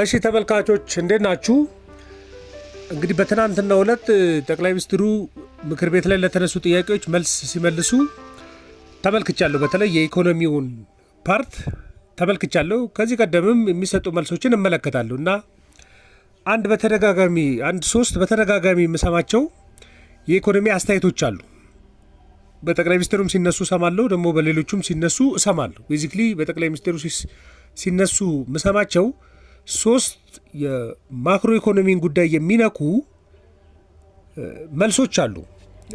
እሺ ተመልካቾች እንዴት ናችሁ? እንግዲህ በትናንትናው ዕለት ጠቅላይ ሚኒስትሩ ምክር ቤት ላይ ለተነሱ ጥያቄዎች መልስ ሲመልሱ ተመልክቻለሁ። በተለይ የኢኮኖሚውን ፓርት ተመልክቻለሁ። ከዚህ ቀደምም የሚሰጡ መልሶችን እመለከታለሁ እና አንድ በተደጋጋሚ አንድ ሶስት በተደጋጋሚ የምሰማቸው የኢኮኖሚ አስተያየቶች አሉ። በጠቅላይ ሚኒስትሩም ሲነሱ እሰማለሁ፣ ደግሞ በሌሎቹም ሲነሱ እሰማለሁ። ቤዚክሊ በጠቅላይ ሚኒስትሩ ሲነሱ ምሰማቸው ሶስት የማክሮ ኢኮኖሚን ጉዳይ የሚነኩ መልሶች አሉ፣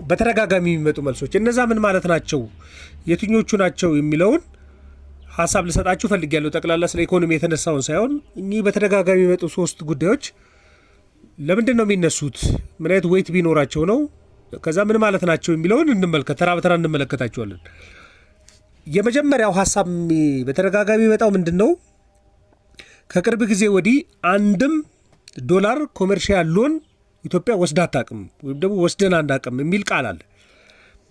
በተደጋጋሚ የሚመጡ መልሶች። እነዛ ምን ማለት ናቸው? የትኞቹ ናቸው የሚለውን ሀሳብ ልሰጣችሁ ፈልጌያለሁ። ጠቅላላ ስለ ኢኮኖሚ የተነሳውን ሳይሆን እኚህ በተደጋጋሚ የሚመጡ ሶስት ጉዳዮች ለምንድን ነው የሚነሱት? ምን አይነት ወይት ቢኖራቸው ነው? ከዛ ምን ማለት ናቸው የሚለውን እንመልከት፣ ተራ በተራ እንመለከታቸዋለን። የመጀመሪያው ሀሳብ በተደጋጋሚ የሚመጣው ምንድን ነው? ከቅርብ ጊዜ ወዲህ አንድም ዶላር ኮመርሻል ሎን ኢትዮጵያ ወስዳ አታውቅም ወይም ደግሞ ወስደን አናውቅም የሚል ቃል አለ።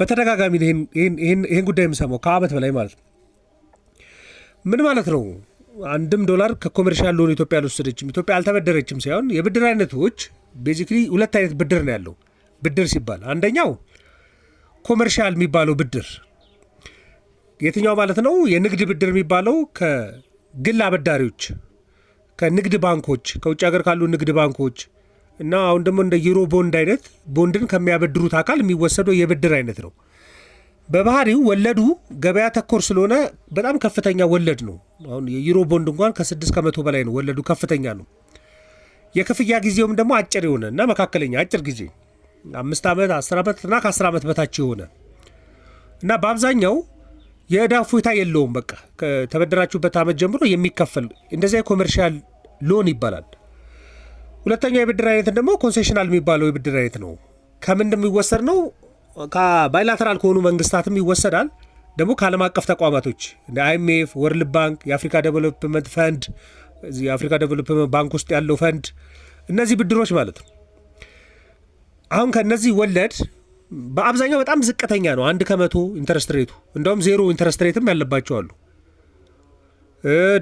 በተደጋጋሚ ይህን ጉዳይ የምሰማው ከዓመት በላይ ማለት ነው። ምን ማለት ነው? አንድም ዶላር ከኮመርሻል ሎን ኢትዮጵያ አልወሰደችም፣ ኢትዮጵያ አልተበደረችም ሳይሆን የብድር አይነቶች ቤዚክሊ ሁለት አይነት ብድር ነው ያለው። ብድር ሲባል አንደኛው ኮመርሻል የሚባለው ብድር የትኛው ማለት ነው? የንግድ ብድር የሚባለው ከግል አበዳሪዎች ከንግድ ባንኮች ከውጭ ሀገር ካሉ ንግድ ባንኮች እና አሁን ደግሞ እንደ ዩሮ ቦንድ አይነት ቦንድን ከሚያበድሩት አካል የሚወሰደው የብድር አይነት ነው። በባህሪው ወለዱ ገበያ ተኮር ስለሆነ በጣም ከፍተኛ ወለድ ነው። አሁን የዩሮ ቦንድ እንኳን ከስድስት ከመቶ በላይ ነው ወለዱ ከፍተኛ ነው። የክፍያ ጊዜውም ደግሞ አጭር የሆነ እና መካከለኛ አጭር ጊዜ አምስት ዓመት አስር ዓመት እና ከአስር ዓመት በታች የሆነ እና በአብዛኛው የዕዳ እፎይታ የለውም። በቃ ከተበደራችሁበት ዓመት ጀምሮ የሚከፈል እንደዚያ የኮመርሻል ሎን ይባላል። ሁለተኛው የብድር አይነት ደግሞ ኮንሴሽናል የሚባለው የብድር አይነት ነው። ከምን የሚወሰድ ነው? ባይላተራል ከሆኑ መንግስታትም ይወሰዳል። ደግሞ ከዓለም አቀፍ ተቋማቶች እንደ አይኤምኤፍ፣ ወርልድ ባንክ፣ የአፍሪካ ዴቨሎፕመንት ፈንድ የአፍሪካ ዴቨሎፕመንት ባንክ ውስጥ ያለው ፈንድ እነዚህ ብድሮች ማለት ነው። አሁን ከእነዚህ ወለድ በአብዛኛው በጣም ዝቅተኛ ነው፣ አንድ ከመቶ ኢንተረስት ሬቱ። እንደውም ዜሮ ኢንተረስት ሬትም ያለባቸው አሉ።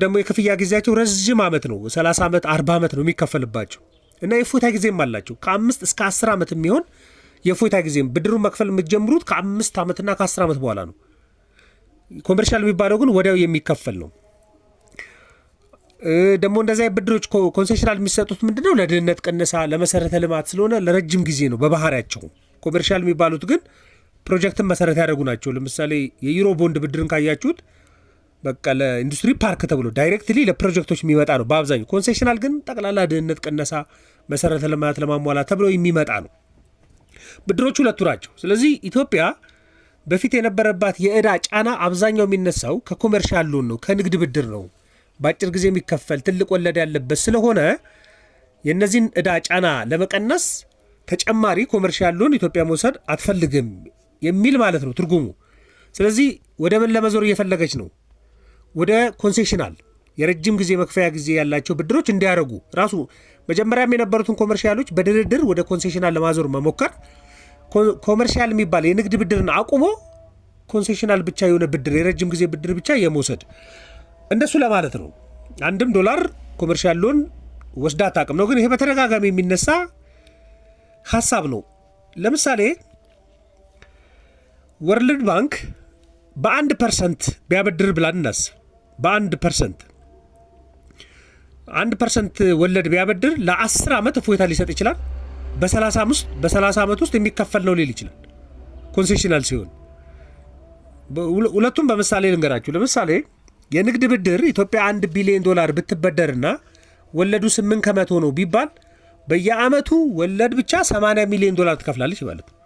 ደግሞ የክፍያ ጊዜያቸው ረዥም ዓመት ነው፣ 30 ዓመት 40 ዓመት ነው የሚከፈልባቸው እና የፎታ ጊዜም አላቸው ከአምስት እስከ 10 ዓመት የሚሆን የፎታ ጊዜም ብድሩን መክፈል የምትጀምሩት ከአምስት ዓመትና ከአስር ዓመት በኋላ ነው። ኮመርሻል የሚባለው ግን ወዲያው የሚከፈል ነው። ደግሞ እንደዚያ ብድሮች ኮንሴሽናል የሚሰጡት ምንድነው ለድህነት ቅነሳ፣ ለመሰረተ ልማት ስለሆነ ለረጅም ጊዜ ነው በባህሪያቸው። ኮሜርሻል የሚባሉት ግን ፕሮጀክትን መሰረት ያደረጉ ናቸው። ለምሳሌ የዩሮ ቦንድ ብድርን ካያችሁት በቃ ለኢንዱስትሪ ፓርክ ተብሎ ዳይሬክትሊ ለፕሮጀክቶች የሚመጣ ነው በአብዛኛው። ኮንሴሽናል ግን ጠቅላላ ድህነት ቅነሳ፣ መሰረተ ልማት ለማሟላት ተብሎ የሚመጣ ነው። ብድሮች ሁለቱ ናቸው። ስለዚህ ኢትዮጵያ በፊት የነበረባት የእዳ ጫና አብዛኛው የሚነሳው ከኮሜርሻል ሎን ነው፣ ከንግድ ብድር ነው። በአጭር ጊዜ የሚከፈል ትልቅ ወለድ ያለበት ስለሆነ የእነዚህን እዳ ጫና ለመቀነስ ተጨማሪ ኮመርሻል ሎን ኢትዮጵያ መውሰድ አትፈልግም የሚል ማለት ነው ትርጉሙ። ስለዚህ ወደ ምን ለመዞር እየፈለገች ነው? ወደ ኮንሴሽናል የረጅም ጊዜ መክፈያ ጊዜ ያላቸው ብድሮች እንዲያደርጉ ራሱ መጀመሪያም የነበሩትን ኮመርሻሎች በድርድር ወደ ኮንሴሽናል ለማዞር መሞከር፣ ኮመርሻል የሚባል የንግድ ብድርን አቁሞ ኮንሴሽናል ብቻ የሆነ ብድር የረጅም ጊዜ ብድር ብቻ የመውሰድ እንደሱ ለማለት ነው። አንድም ዶላር ኮመርሻል ሎን ወስዳ አታውቅም ነው። ግን ይሄ በተደጋጋሚ የሚነሳ ሀሳብ ነው። ለምሳሌ ወርልድ ባንክ በአንድ ፐርሰንት ቢያበድር ብላን እናስብ። በአንድ ፐርሰንት አንድ ፐርሰንት ወለድ ቢያበድር ለአስር ዓመት እፎይታ ሊሰጥ ይችላል። ዓመት ውስጥ የሚከፈል ነው ሊል ይችላል። ኮንሴሽናል ሲሆን ሁለቱም በምሳሌ ልንገራችሁ። ለምሳሌ የንግድ ብድር ኢትዮጵያ አንድ ቢሊዮን ዶላር ብትበደርና ወለዱ ስምንት ከመቶ ነው ቢባል በየአመቱ ወለድ ብቻ 80 ሚሊዮን ዶላር ትከፍላለች ማለት ነው።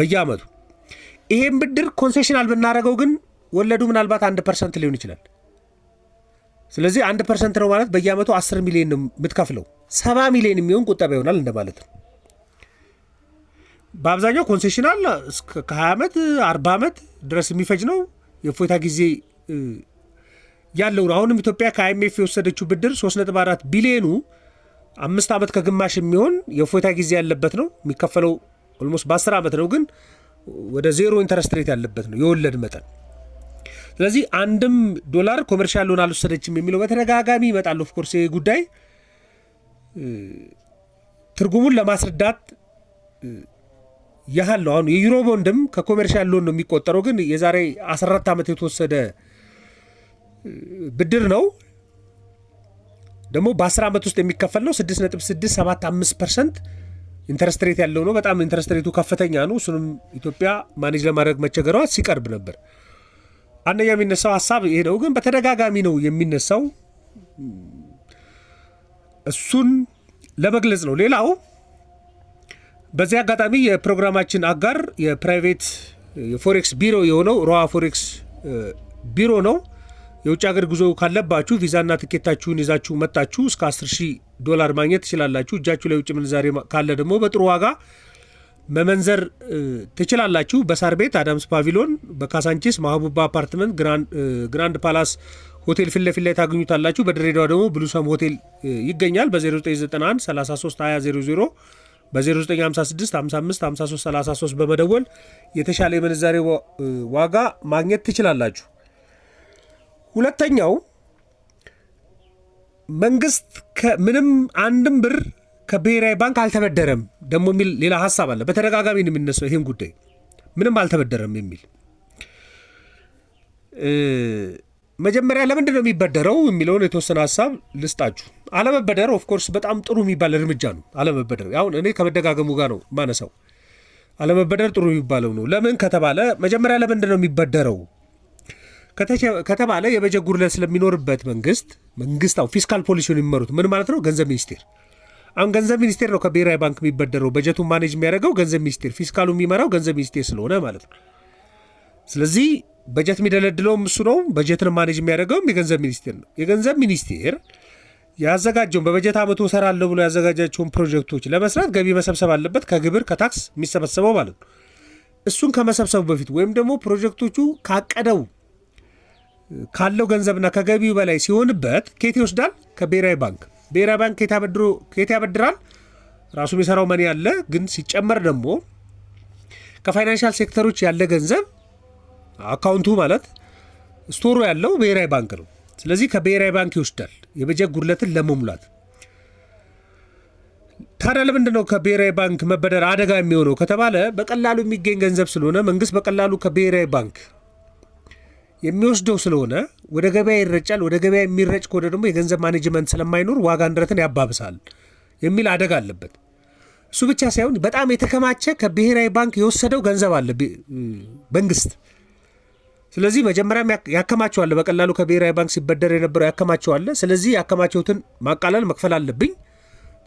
በየአመቱ ይሄን ብድር ኮንሴሽናል ብናደረገው ግን ወለዱ ምናልባት አንድ ፐርሰንት ሊሆን ይችላል። ስለዚህ አንድ ፐርሰንት ነው ማለት በየአመቱ 10 ሚሊዮን ነው የምትከፍለው። 70 ሚሊዮን የሚሆን ቁጠባ ይሆናል እንደማለት ነው። በአብዛኛው ኮንሴሽናል ከ20 ዓመት 40 ዓመት ድረስ የሚፈጅ ነው። የእፎይታ ጊዜ ያለው ነው። አሁንም ኢትዮጵያ ከአይኤምኤፍ የወሰደችው ብድር 3.4 ቢሊዮኑ አምስት ዓመት ከግማሽ የሚሆን የእፎይታ ጊዜ ያለበት ነው የሚከፈለው። ኦልሞስት በአስር ዓመት ነው ግን ወደ ዜሮ ኢንተረስት ሬት ያለበት ነው የወለድ መጠን። ስለዚህ አንድም ዶላር ኮመርሻል ሎን አልወሰደችም የሚለው በተደጋጋሚ ይመጣል። ኦፍኮርስ ይህ ጉዳይ ትርጉሙን ለማስረዳት ያህል ነው። አሁን የዩሮ ቦንድም ከኮሜርሻል ሎን ነው የሚቆጠረው፣ ግን የዛሬ 14 ዓመት የተወሰደ ብድር ነው። ደግሞ በ10 ዓመት ውስጥ የሚከፈል ነው 6.675 ፐርሰንት ኢንተረስት ሬት ያለው ነው። በጣም ኢንተረስት ሬቱ ከፍተኛ ነው። እሱንም ኢትዮጵያ ማኔጅ ለማድረግ መቸገሯ ሲቀርብ ነበር። አንደኛ የሚነሳው ሀሳብ ይሄ ነው፣ ግን በተደጋጋሚ ነው የሚነሳው። እሱን ለመግለጽ ነው። ሌላው በዚህ አጋጣሚ የፕሮግራማችን አጋር የፕራይቬት የፎሬክስ ቢሮ የሆነው ሮሃ ፎሬክስ ቢሮ ነው። የውጭ ሀገር ጉዞ ካለባችሁ ቪዛና ትኬታችሁን ይዛችሁ መጣችሁ እስከ 10ሺህ ዶላር ማግኘት ትችላላችሁ። እጃችሁ ላይ ውጭ ምንዛሬ ካለ ደግሞ በጥሩ ዋጋ መመንዘር ትችላላችሁ። በሳር ቤት አዳምስ ፓቪሎን፣ በካሳንቺስ ማህቡባ አፓርትመንት፣ ግራንድ ፓላስ ሆቴል ፊት ለፊት ላይ ታገኙታላችሁ። በድሬዳዋ ደግሞ ብሉሰም ሆቴል ይገኛል። በ0991 33 20 00 በ0956 55 53 33 በመደወል የተሻለ የምንዛሬ ዋጋ ማግኘት ትችላላችሁ። ሁለተኛው መንግስት ከምንም አንድም ብር ከብሔራዊ ባንክ አልተበደረም ደግሞ የሚል ሌላ ሀሳብ አለ። በተደጋጋሚ ነው የሚነሳው ይህን ጉዳይ ምንም አልተበደረም የሚል መጀመሪያ ለምንድን ነው የሚበደረው የሚለውን የተወሰነ ሀሳብ ልስጣችሁ። አለመበደር ኦፍኮርስ በጣም ጥሩ የሚባል እርምጃ ነው። አለመበደር አሁን እኔ ከመደጋገሙ ጋር ነው ማነሳው። አለመበደር ጥሩ የሚባለው ነው። ለምን ከተባለ መጀመሪያ ለምንድን ነው የሚበደረው ከተባለ የበጀት ጉድለት ስለሚኖርበት መንግስት መንግስታው ፊስካል ፖሊሲውን የሚመሩት ምን ማለት ነው? ገንዘብ ሚኒስቴር። አሁን ገንዘብ ሚኒስቴር ነው ከብሔራዊ ባንክ የሚበደረው። በጀቱን ማኔጅ የሚያደርገው ገንዘብ ሚኒስቴር፣ ፊስካሉ የሚመራው ገንዘብ ሚኒስቴር ስለሆነ ማለት ነው። ስለዚህ በጀት የሚደለድለውም እሱ ነው። በጀትን ማኔጅ የሚያደርገውም የገንዘብ ሚኒስቴር ነው። የገንዘብ ሚኒስቴር ያዘጋጀውን በበጀት ዓመቱ እሰራለሁ ብሎ ያዘጋጃቸውን ፕሮጀክቶች ለመስራት ገቢ መሰብሰብ አለበት፣ ከግብር ከታክስ የሚሰበሰበው ማለት ነው። እሱን ከመሰብሰቡ በፊት ወይም ደግሞ ፕሮጀክቶቹ ካቀደው ካለው ገንዘብና ከገቢው በላይ ሲሆንበት ኬት ይወስዳል? ከብሔራዊ ባንክ። ብሔራዊ ባንክ ኬት ያበድራል? ራሱ የሚሰራው መኒ ያለ ግን ሲጨመር ደግሞ ከፋይናንሻል ሴክተሮች ያለ ገንዘብ አካውንቱ ማለት ስቶሩ ያለው ብሔራዊ ባንክ ነው። ስለዚህ ከብሔራዊ ባንክ ይወስዳል የበጀት ጉድለትን ለመሙላት። ታዲያ ለምንድን ነው ከብሔራዊ ባንክ መበደር አደጋ የሚሆነው ከተባለ በቀላሉ የሚገኝ ገንዘብ ስለሆነ መንግስት በቀላሉ ከብሔራዊ ባንክ የሚወስደው ስለሆነ ወደ ገበያ ይረጫል። ወደ ገበያ የሚረጭ ከሆነ ደግሞ የገንዘብ ማኔጅመንት ስለማይኖር ዋጋ ንረትን ያባብሳል የሚል አደጋ አለበት። እሱ ብቻ ሳይሆን በጣም የተከማቸ ከብሔራዊ ባንክ የወሰደው ገንዘብ አለ መንግስት። ስለዚህ መጀመሪያም ያከማቸዋለ፣ በቀላሉ ከብሔራዊ ባንክ ሲበደር የነበረው ያከማቸዋለ። ስለዚህ ያከማቸውትን ማቃለል መክፈል አለብኝ፣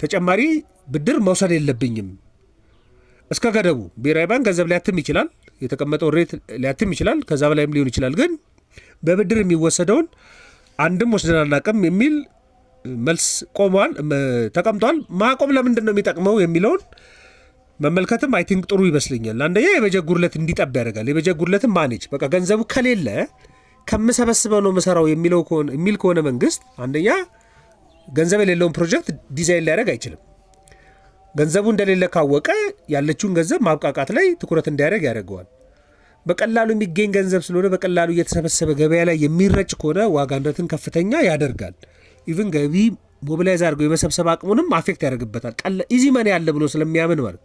ተጨማሪ ብድር መውሰድ የለብኝም እስከ ገደቡ። ብሔራዊ ባንክ ገንዘብ ሊያትም ይችላል የተቀመጠው ሬት ሊያትም ይችላል። ከዛ በላይም ሊሆን ይችላል። ግን በብድር የሚወሰደውን አንድም ወስደን አናውቅም የሚል መልስ ቆሟል፣ ተቀምጧል። ማቆም ለምንድን ነው የሚጠቅመው የሚለውን መመልከትም አይ ቲንክ ጥሩ ይመስለኛል። አንደኛ የበጀ ጉድለት እንዲጠብ ያደርጋል። የበጀ ጉድለትን ማኔጅ በቃ ገንዘቡ ከሌለ ከምሰበስበው ነው መሰራው የሚለው የሚል ከሆነ መንግስት አንደኛ ገንዘብ የሌለውን ፕሮጀክት ዲዛይን ሊያደርግ አይችልም። ገንዘቡ እንደሌለ ካወቀ ያለችውን ገንዘብ ማብቃቃት ላይ ትኩረት እንዲያደርግ ያደርገዋል። በቀላሉ የሚገኝ ገንዘብ ስለሆነ በቀላሉ እየተሰበሰበ ገበያ ላይ የሚረጭ ከሆነ ዋጋ ንረትን ከፍተኛ ያደርጋል። ኢቭን ገቢ ሞቢላይዝ አድርገው የመሰብሰብ አቅሙንም አፌክት ያደርግበታል። ኢዚ መኒ አለ ብሎ ስለሚያምን ማለት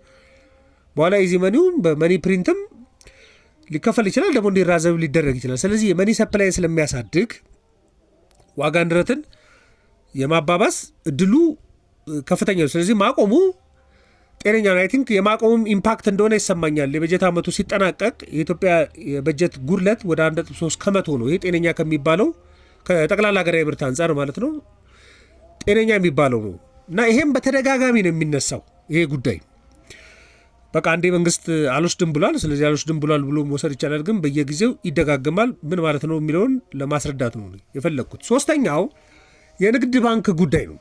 በኋላ ኢዚ መኒውም በመኒ ፕሪንትም ሊከፈል ይችላል፣ ደግሞ እንዲራዘብ ሊደረግ ይችላል። ስለዚህ የመኒ ሰፕላይ ስለሚያሳድግ ዋጋ ንረትን የማባባስ እድሉ ከፍተኛ ነው። ስለዚህ ማቆሙ ጤነኛ ነው። አይ ቲንክ የማቆሙም ኢምፓክት እንደሆነ ይሰማኛል። የበጀት ዓመቱ ሲጠናቀቅ የኢትዮጵያ የበጀት ጉድለት ወደ 1.3 ከመቶ ነው። ይሄ ጤነኛ ከሚባለው ከጠቅላላ ሀገራዊ ምርት አንጻር ማለት ነው ጤነኛ የሚባለው ነው እና ይሄም በተደጋጋሚ ነው የሚነሳው ይሄ ጉዳይ በቃ አንዴ መንግስት አልወስድም ብሏል፣ ስለዚህ አልወስድም ብሏል ብሎ መውሰድ ይቻላል። ግን በየጊዜው ይደጋገማል። ምን ማለት ነው የሚለውን ለማስረዳት ነው የፈለግኩት። ሶስተኛው የንግድ ባንክ ጉዳይ ነው።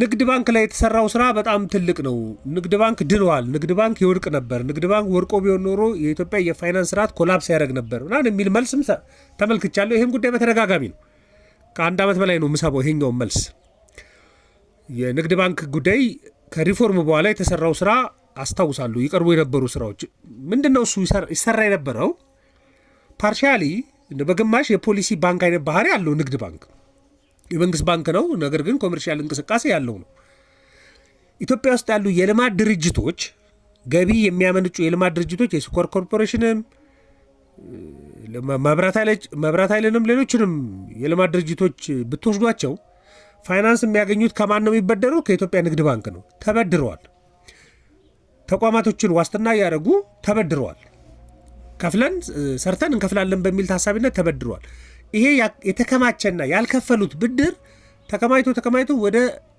ንግድ ባንክ ላይ የተሰራው ስራ በጣም ትልቅ ነው። ንግድ ባንክ ድኗል። ንግድ ባንክ ይወድቅ ነበር። ንግድ ባንክ ወድቆ ቢሆን ኖሮ የኢትዮጵያ የፋይናንስ ስርዓት ኮላፕስ ያደረግ ነበር ምናምን የሚል መልስም ተመልክቻለሁ። ይህም ጉዳይ በተደጋጋሚ ነው። ከአንድ ዓመት በላይ ነው የምሰማው ይሄኛውን መልስ። የንግድ ባንክ ጉዳይ ከሪፎርም በኋላ የተሰራው ስራ አስታውሳሉ። ይቀርቡ የነበሩ ስራዎች ምንድን ነው? እሱ ይሰራ የነበረው ፓርሻሊ፣ በግማሽ የፖሊሲ ባንክ አይነት ባህሪ አለው ንግድ ባንክ የመንግስት ባንክ ነው፣ ነገር ግን ኮሜርሻል እንቅስቃሴ ያለው ነው። ኢትዮጵያ ውስጥ ያሉ የልማት ድርጅቶች ገቢ የሚያመነጩ የልማት ድርጅቶች የስኳር ኮርፖሬሽንም መብራት ኃይልንም ሌሎችንም የልማት ድርጅቶች ብትወስዷቸው ፋይናንስ የሚያገኙት ከማን ነው የሚበደሩ? ከኢትዮጵያ ንግድ ባንክ ነው። ተበድረዋል። ተቋማቶችን ዋስትና እያደረጉ ተበድረዋል። ከፍለን ሰርተን እንከፍላለን በሚል ታሳቢነት ተበድረዋል። ይሄ የተከማቸና ያልከፈሉት ብድር ተከማይቶ ተከማይቶ ወደ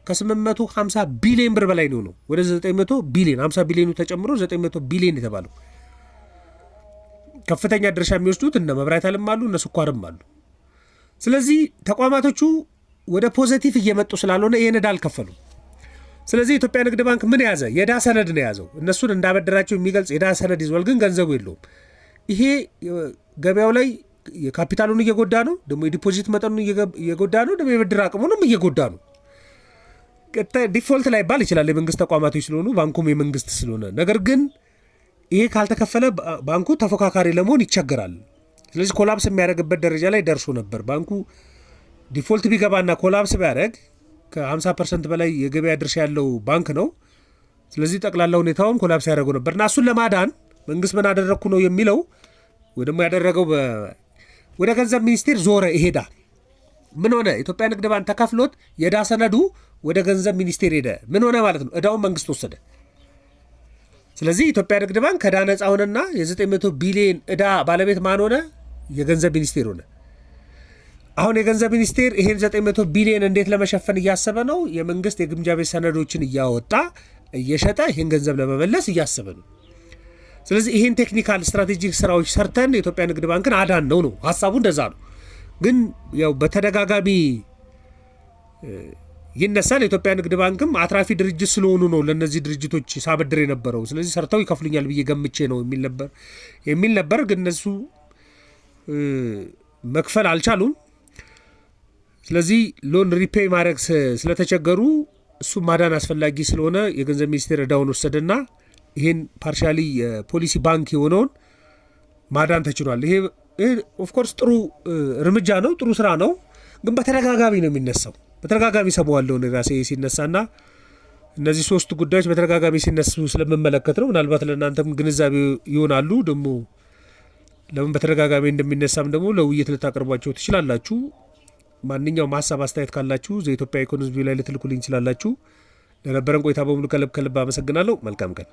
ከ850 ቢሊዮን ብር በላይ ነው ነው ወደ 900 ቢሊዮን 50 ቢሊዮኑ ተጨምሮ 900 ቢሊዮን የተባለው ከፍተኛ ድርሻ የሚወስዱት እነ መብራት አለም አሉ እነ ስኳርም አሉ። ስለዚህ ተቋማቶቹ ወደ ፖዘቲቭ እየመጡ ስላልሆነ ይህን ዕዳ አልከፈሉም። ስለዚህ የኢትዮጵያ ንግድ ባንክ ምን ያዘ? የዕዳ ሰነድ ነው የያዘው። እነሱን እንዳበደራቸው የሚገልጽ የዕዳ ሰነድ ይዟል፣ ግን ገንዘቡ የለውም። ይሄ ገበያው ላይ የካፒታሉን እየጎዳ ነው፣ ደግሞ የዲፖዚት መጠኑን እየጎዳ ነው፣ ደግሞ የብድር አቅሙንም እየጎዳ ነው። ዲፎልት ላይ ባል ይችላል የመንግስት ተቋማቶች ስለሆኑ ባንኩም የመንግስት ስለሆነ፣ ነገር ግን ይሄ ካልተከፈለ ባንኩ ተፎካካሪ ለመሆን ይቸገራል። ስለዚህ ኮላፕስ የሚያደርግበት ደረጃ ላይ ደርሶ ነበር። ባንኩ ዲፎልት ቢገባና ኮላፕስ ቢያደርግ ከ50 ፐርሰንት በላይ የገበያ ድርሻ ያለው ባንክ ነው። ስለዚህ ጠቅላላ ሁኔታውን ኮላፕስ ያደረገው ነበር እና እሱን ለማዳን መንግስት ምን አደረግኩ ነው የሚለው ወይ ደግሞ ያደረገው ወደ ገንዘብ ሚኒስቴር ዞረ ይሄዳል። ምን ሆነ? ኢትዮጵያ ንግድ ባንክ ተከፍሎት የዕዳ ሰነዱ ወደ ገንዘብ ሚኒስቴር ሄደ። ምን ሆነ ማለት ነው? እዳውን መንግስት ወሰደ። ስለዚህ ኢትዮጵያ ንግድ ባንክ ከዕዳ ነፃ ሆነና የ900 ቢሊዮን እዳ ባለቤት ማን ሆነ? የገንዘብ ሚኒስቴር ሆነ። አሁን የገንዘብ ሚኒስቴር ይሄን 900 ቢሊዮን እንዴት ለመሸፈን እያሰበ ነው? የመንግስት የግምጃ ቤት ሰነዶችን እያወጣ እየሸጠ ይህን ገንዘብ ለመመለስ እያሰበ ነው። ስለዚህ ይህን ቴክኒካል ስትራቴጂክ ስራዎች ሰርተን የኢትዮጵያ ንግድ ባንክን አዳን ነው ነው ሀሳቡ እንደዛ ነው። ግን ያው በተደጋጋሚ ይነሳል። የኢትዮጵያ ንግድ ባንክም አትራፊ ድርጅት ስለሆኑ ነው ለእነዚህ ድርጅቶች ሳበድር የነበረው ስለዚህ ሰርተው ይከፍሉኛል ብዬ ገምቼ ነው የሚል ነበር የሚል ነበር። ግን እነሱ መክፈል አልቻሉም። ስለዚህ ሎን ሪፔይ ማድረግ ስለተቸገሩ እሱም ማዳን አስፈላጊ ስለሆነ የገንዘብ ሚኒስቴር እዳውን ወሰደና ይሄን ፓርሻሊ የፖሊሲ ባንክ የሆነውን ማዳን ተችሏል። ይሄ ኦፍኮርስ ጥሩ እርምጃ ነው፣ ጥሩ ስራ ነው። ግን በተደጋጋሚ ነው የሚነሳው። በተደጋጋሚ ሰማዋለሁ ራሴ ሲነሳና እነዚህ ሶስት ጉዳዮች በተደጋጋሚ ሲነሱ ስለምመለከት ነው። ምናልባት ለእናንተም ግንዛቤ ይሆናሉ። ደግሞ ለምን በተደጋጋሚ እንደሚነሳም ደግሞ ለውይይት ልታቀርቧቸው ትችላላችሁ። ማንኛውም ሀሳብ አስተያየት ካላችሁ ዘኢትዮጵያ ኢኮኖሚ ላይ ልትልኩልኝ ትችላላችሁ። ለነበረን ቆይታ በሙሉ ከልብ ከልብ አመሰግናለሁ። መልካም ቀን